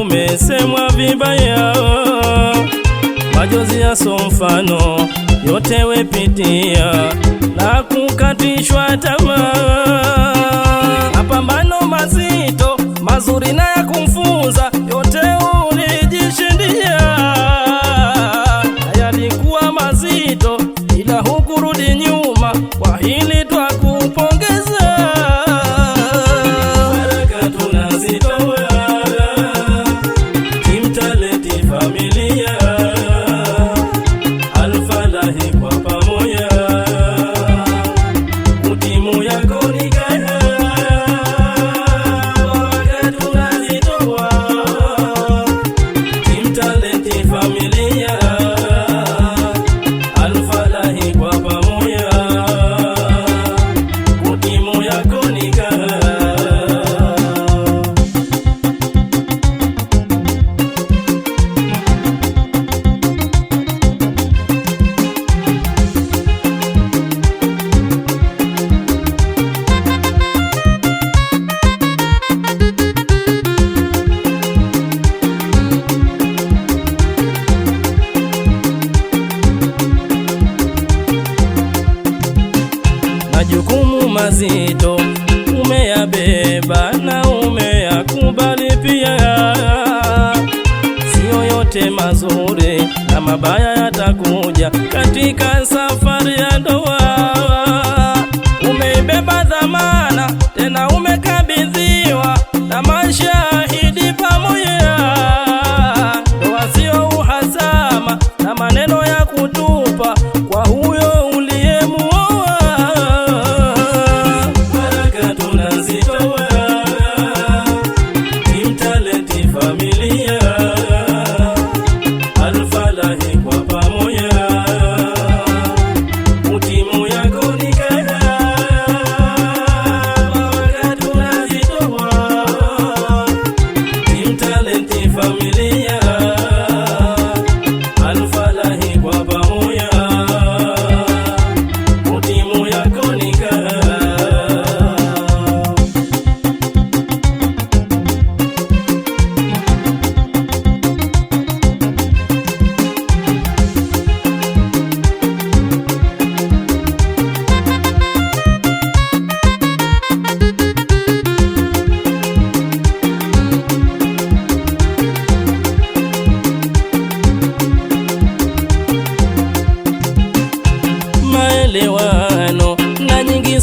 umesemwa vibaya, majozi yaso mfano yote wepitia na kukatishwa tamaa, mapambano mazito mazuri na ya kumfunza yote ulijishindia, yalikuwa mazito ila hukurudi nyuma kwa hili She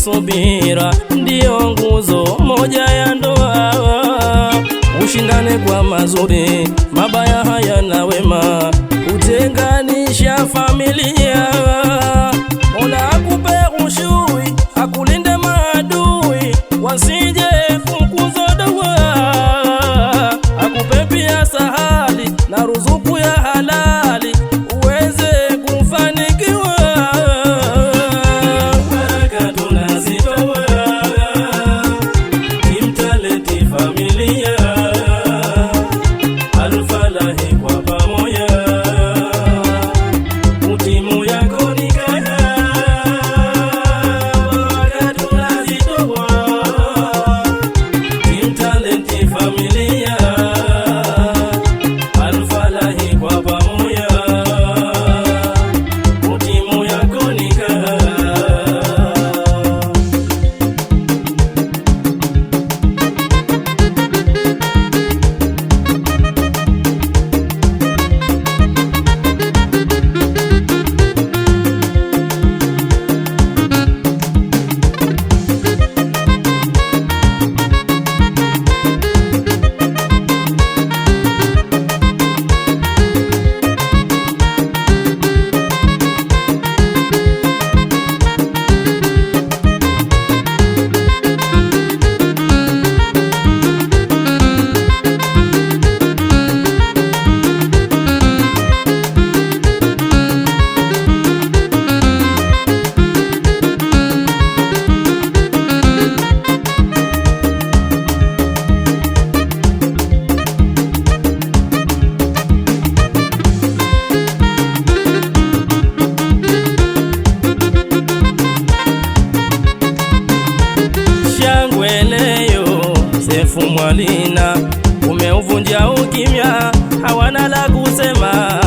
subira ndiyo nguzo moja ya ndoa, ushindane kwa mazuri mfumwa lina umeuvunja ukimya, hawana la kusema.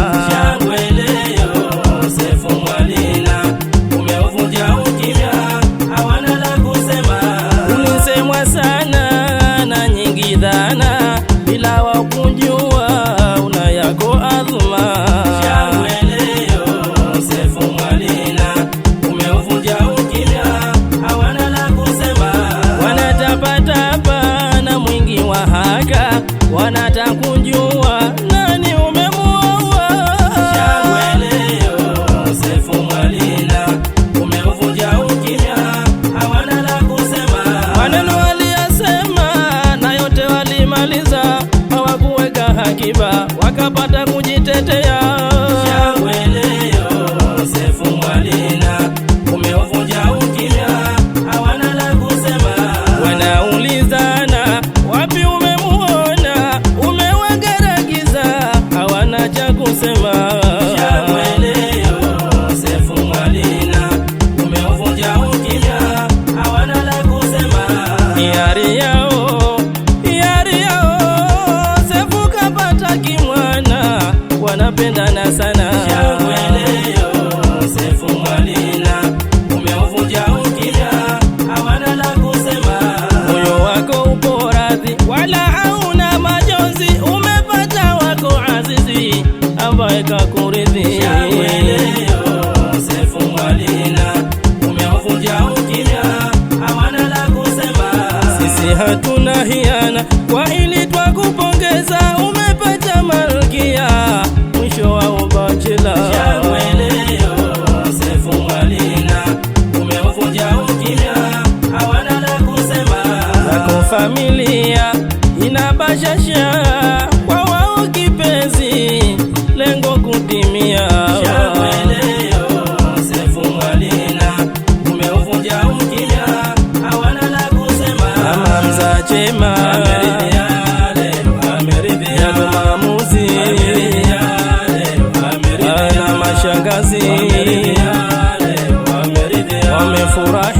sonra